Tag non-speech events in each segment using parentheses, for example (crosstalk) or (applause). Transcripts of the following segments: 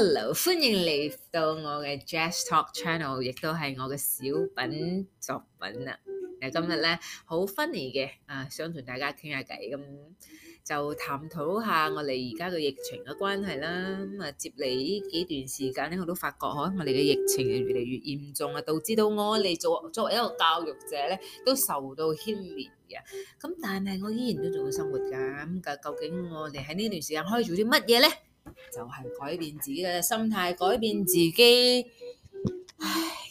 Hello，歡迎嚟到我嘅 Jazz Talk Channel，亦都係我嘅小品作品啦。嗱，今日咧，好 funny 嘅，啊想同大家傾下偈，咁就探討下我哋而家嘅疫情嘅關係啦。咁啊，接嚟呢幾段時間，我都發覺嗬，我哋嘅疫情越嚟越嚴重啊，導致到我哋作作為一個教育者咧，都受到牽連嘅。咁但係咧，我依然都仲會生活噶。咁，究竟我哋喺呢段時間可以做啲乜嘢咧？就係改變自己嘅心態，改變自己嘅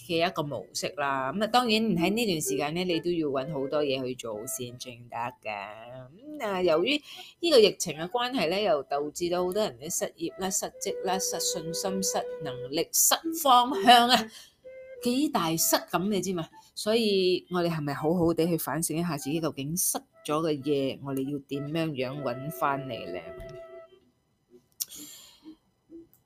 一個模式啦。咁啊，當然喺呢段時間咧，你都要揾好多嘢去做先正得噶。咁啊，由於呢個疫情嘅關係咧，又導致到好多人嘅失業啦、失職啦、失信心、失能力、失方向啊，幾大失咁你知嘛？所以我哋係咪好好地去反省一下自己究竟失咗嘅嘢？我哋要點樣樣揾翻嚟咧？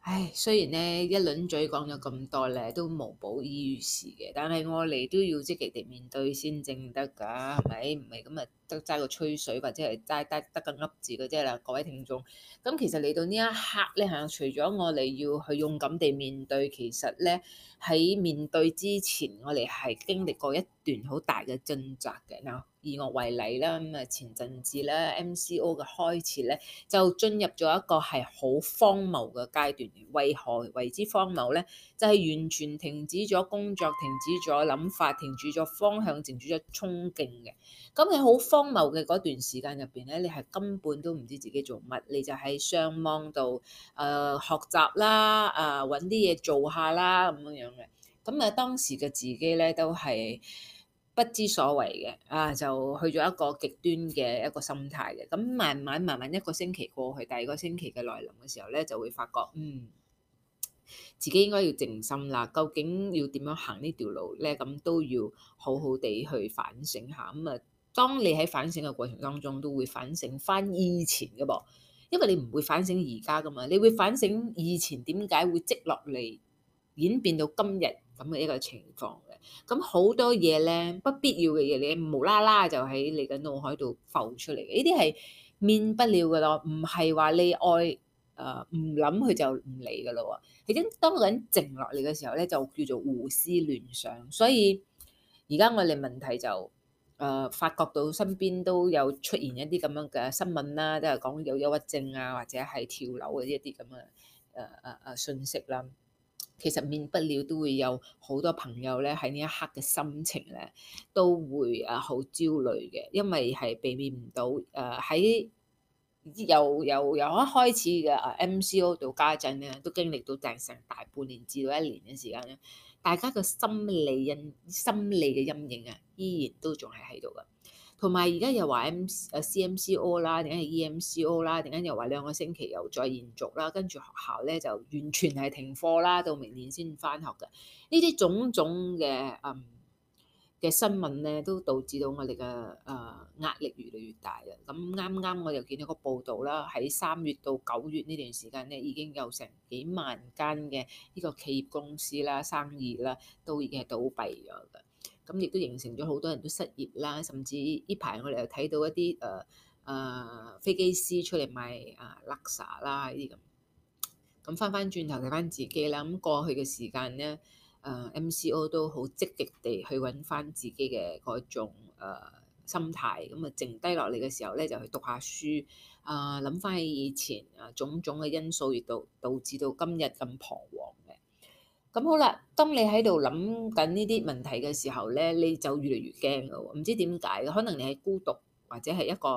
唉，雖然咧一輪嘴講咗咁多咧，都無補於事嘅，但係我哋都要積極地面對先正得㗎，係咪？唔係咁咪得齋個吹水或者係齋得得咁噏字嘅啫啦，各位聽眾。咁其實嚟到呢一刻咧，係除咗我哋要去勇敢地面對，其實咧喺面對之前，我哋係經歷過一段好大嘅掙扎嘅嗱。Now, 以我為例啦，咁啊前陣子咧 MCO 嘅開始咧，就進入咗一個係好荒謬嘅階段。為何為之荒謬呢？就係、是、完全停止咗工作，停止咗諗法，停止咗方向，停止咗衝勁嘅。咁喺好荒謬嘅嗰段時間入邊咧，你係根本都唔知自己做乜，你就喺上網度誒學習啦，啊揾啲嘢做下啦咁樣樣嘅。咁啊當時嘅自己咧都係。不知所謂嘅，啊就去咗一個極端嘅一個心態嘅，咁慢慢慢慢一個星期過去，第二個星期嘅來臨嘅時候呢，就會發覺，嗯，自己應該要靜心啦。究竟要點樣行呢條路呢？咁都要好好地去反省下。咁、嗯、啊，當你喺反省嘅過程當中，都會反省返以前嘅噃，因為你唔會反省而家㗎嘛，你會反省以前點解會積落嚟，演變到今日。咁嘅一個情況嘅，咁好多嘢咧不必要嘅嘢，你無啦啦就喺你嘅腦海度浮出嚟，呢啲係免不了噶咯，唔係話你愛誒唔諗佢就唔理噶啦喎。其實當個人靜落嚟嘅時候咧，就叫做胡思亂想。所以而家我哋問題就誒、呃、發覺到身邊都有出現一啲咁樣嘅新聞啦、啊，即係講有憂鬱症啊，或者係跳樓嘅一啲咁嘅誒誒誒信息啦、啊。其實免不了都會有好多朋友咧喺呢一刻嘅心情咧，都會啊好焦慮嘅，因為係避免唔到誒喺由由由一開始嘅啊 MCO 到家陣咧，都經歷到就成大半年至到一年嘅時間咧，大家嘅心理陰心理嘅陰影啊，依然都仲係喺度噶。同埋而家又話 M 啊 CMCO 啦，定係 EMCO 啦，定係又話兩個星期又再延續啦，跟住學校咧就完全係停課啦，到明年先翻學嘅。呢啲種種嘅嗯嘅新聞咧，都導致到我哋嘅誒壓力越嚟越大啦。咁啱啱我又見到個報道啦，喺三月到九月呢段時間咧，已經有成幾萬間嘅呢個企業公司啦、生意啦，都已經係倒閉咗㗎。咁亦都形成咗好多人都失業啦，甚至呢排我哋又睇到一啲誒誒飛機師出嚟賣啊 luxa、er、啦呢啲咁。咁翻翻轉頭睇翻自己啦，咁過去嘅時間咧，誒、呃、MCO 都好積極地去揾翻自己嘅種誒、呃、心態，咁啊剩低落嚟嘅時候咧就去讀下書啊諗翻起以前啊、呃、種種嘅因素，亦都導致到今日咁彷徨。咁好啦，當你喺度諗緊呢啲問題嘅時候咧，你就越嚟越驚㗎喎，唔知點解。可能你係孤獨，或者係一個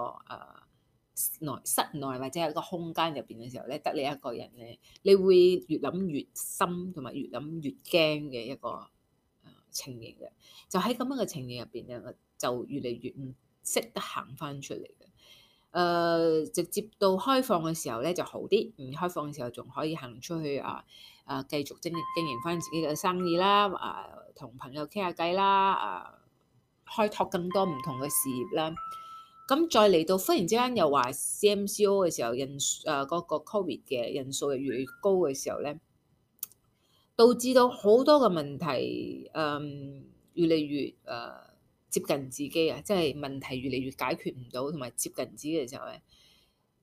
誒內、呃、室內或者係一個空間入邊嘅時候咧，得你一個人咧，你會越諗越深同埋越諗越驚嘅一個情形嘅，就喺咁樣嘅情形入邊咧，就越嚟越唔識得行返出嚟嘅。誒、呃、直接到開放嘅時候咧就好啲，唔開放嘅時候仲可以行出去啊啊，繼續經經營翻自己嘅生意啦，啊，同朋友傾下偈啦，啊，開拓更多唔同嘅事業啦。咁、啊、再嚟到忽然之間又話 CMCO 嘅時候人誒嗰、啊嗰個 Covid 嘅人數越嚟越高嘅時候咧，導致到好多嘅問題，誒、嗯、越嚟越誒，啊接近自己啊，即係問題越嚟越解決唔到，同埋接近自己嘅時候咧，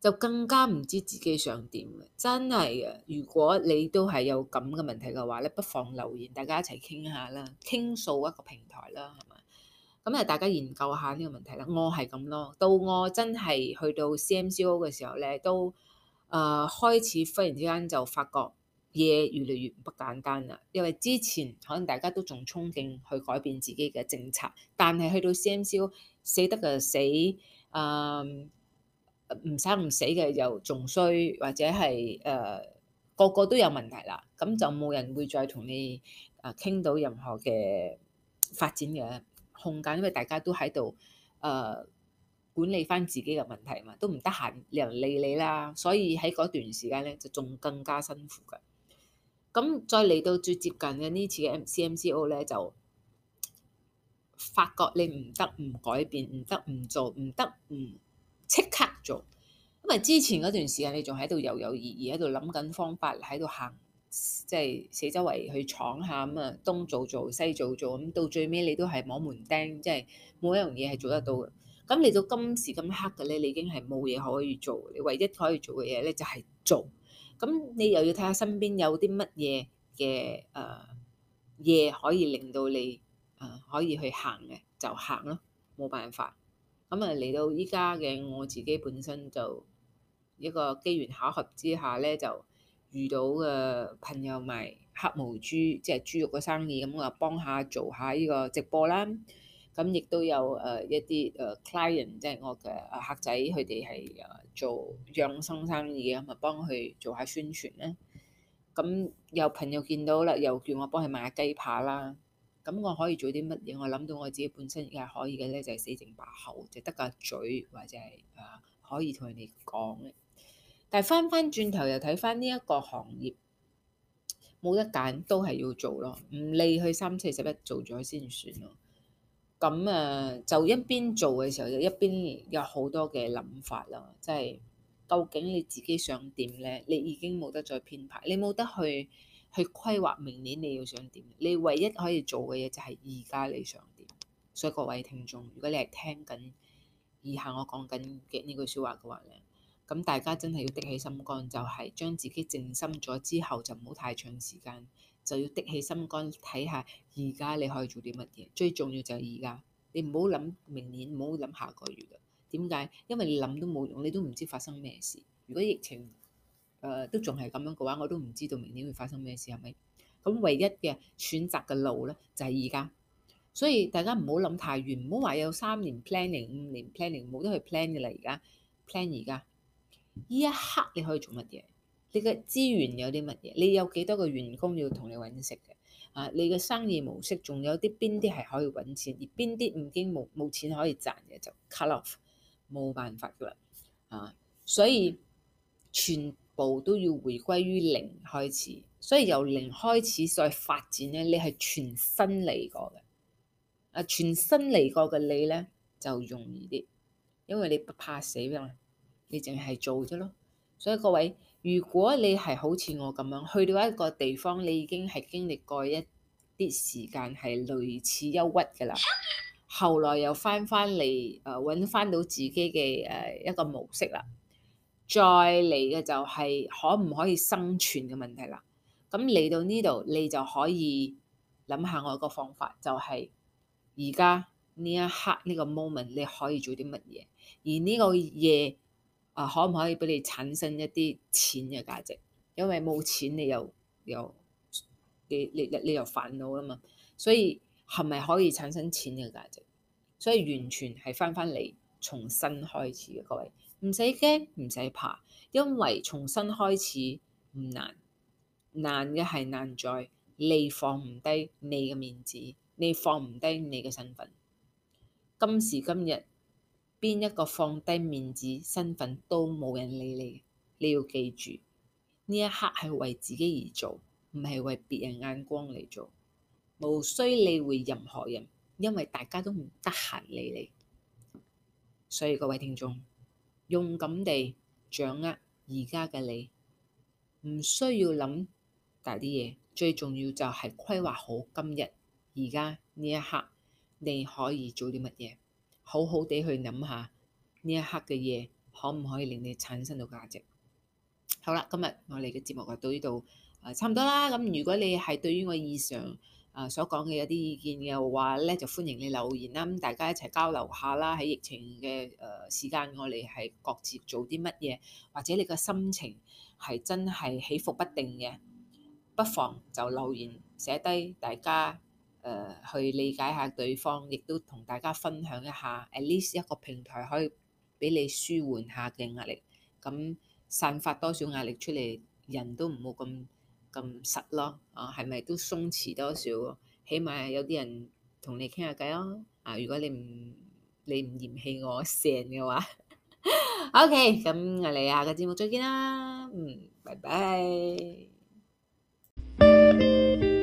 就更加唔知自己想點嘅。真係啊，如果你都係有咁嘅問題嘅話咧，不妨留言，大家一齊傾下啦，傾訴一個平台啦，係嘛咁啊？就大家研究下呢個問題啦。我係咁咯，到我真係去到 CMCO 嘅時候咧，都誒、呃、開始忽然之間就發覺。嘢越嚟越不簡單啦，因為之前可能大家都仲憧憬去改變自己嘅政策，但係去到 CMC 死得嘅死，啊，唔生唔死嘅又仲衰，或者係誒、呃、個個都有問題啦，咁就冇人會再同你啊傾、呃、到任何嘅發展嘅空間，因為大家都喺度誒管理返自己嘅問題嘛，都唔得閒理人理你啦，所以喺嗰段時間呢，就仲更加辛苦㗎。咁再嚟到最接近嘅呢次嘅 MCMCO 咧，就發覺你唔得唔改變，唔得唔做，唔得唔即刻做。因為之前嗰段時間你遊遊而而而，你仲喺度猶猶豫豫喺度諗緊方法，喺度行，即係四周圍去闖下咁啊，東做做西做做，咁到最尾你都係摸門釘，即係冇一樣嘢係做得到嘅。咁嚟到今時今刻嘅咧，你已經係冇嘢可以做，你唯一可以做嘅嘢咧就係做。咁你又要睇下身邊有啲乜嘢嘅誒嘢可以令到你誒、uh, 可以去行嘅就行咯，冇辦法。咁啊嚟到依家嘅我自己本身就一個機緣巧合之下咧，就遇到嘅朋友賣黑毛豬，即係豬肉嘅生意，咁我就幫下做下呢個直播啦。咁亦都有誒一啲誒 client，即係我嘅客仔，佢哋係誒做養生生意嘅咪啊，幫佢做下宣傳咧。咁有朋友見到啦，又叫我幫佢賣雞扒啦。咁我可以做啲乜嘢？我諗到我自己本身而家可以嘅咧，就係死剩把口，就得個嘴或者係誒可以同人哋講。但係翻翻轉頭又睇翻呢一個行業冇得揀，都係要做咯，唔理佢三四十一做咗先算咯。咁誒，就一邊做嘅時候，就一邊有好多嘅諗法啦。即係究竟你自己想點呢？你已經冇得再編排，你冇得去去規劃明年你要想點。你唯一可以做嘅嘢就係而家你想點。所以各位聽眾，如果你係聽緊以下我講緊嘅呢句説話嘅話呢，咁大家真係要滴起心肝，就係將自己靜心咗之後，就唔好太長時間。就要滴起心肝睇下，而家你可以做啲乜嘢？最重要就係而家，你唔好諗明年，唔好諗下個月啦。點解？因為你諗都冇用，你都唔知發生咩事。如果疫情誒、呃、都仲係咁樣嘅話，我都唔知道明年會發生咩事係咪？咁唯一嘅選擇嘅路咧，就係而家。所以大家唔好諗太遠，唔好話有三年 planning、五年 planning，冇得去 plan 嘅啦。而家 plan 而家，呢一刻你可以做乜嘢？你嘅資源有啲乜嘢？你有幾多個員工要同你搵食嘅？啊，你嘅生意模式仲有啲邊啲係可以搵錢，而邊啲已經冇冇錢可以賺嘅就 cut off 冇辦法㗎喇啊，所以全部都要回歸於零開始。所以由零開始再發展呢，你係全新嚟過嘅啊，全新嚟過嘅你呢就容易啲，因為你不怕死啊嘛，你淨係做啫咯。所以各位。如果你係好似我咁樣去到一個地方，你已經係經歷過一啲時間係類似憂鬱噶啦，後來又返返嚟，誒揾返到自己嘅誒、呃、一個模式啦。再嚟嘅就係可唔可以生存嘅問題啦。咁嚟到呢度，你就可以諗下我一個方法，就係而家呢一刻呢、呢個 moment 你可以做啲乜嘢，而呢個嘢。啊，可唔可以畀你產生一啲錢嘅價值？因為冇錢你，你又又你你你又煩惱啊嘛，所以係咪可以產生錢嘅價值？所以完全係返返嚟重新開始嘅各位，唔使驚，唔使怕，因為重新開始唔難，難嘅係難在你放唔低你嘅面子，你放唔低你嘅身份，今時今日。邊一個放低面子、身份都冇人理你。你要記住，呢一刻係為自己而做，唔係為別人眼光嚟做。無需理會任何人，因為大家都唔得閒理你。所以各位聽眾，勇敢地掌握而家嘅你，唔需要諗大啲嘢，最重要就係規劃好今日。而家呢一刻，你可以做啲乜嘢。好好地去諗下呢一刻嘅嘢，可唔可以令你產生到價值？好啦，今日我哋嘅節目就到呢度、呃、差唔多啦。咁如果你係對於我以上、呃、所講嘅有啲意見嘅話呢，就歡迎你留言啦。咁大家一齊交流下啦。喺疫情嘅誒時間，我哋係各自做啲乜嘢，或者你嘅心情係真係起伏不定嘅，不妨就留言寫低大家。誒、uh, 去理解下對方，亦都同大家分享一下 (music) ，at least 一個平台可以俾你舒緩下嘅壓力，咁散發多少壓力出嚟，人都唔好咁咁實咯，啊，係咪都鬆弛多少？起碼有啲人同你傾下偈咯，啊，如果你唔你唔嫌棄我成嘅話 (laughs) ，OK，咁我哋下個節目再見啦，嗯，拜拜。 (music)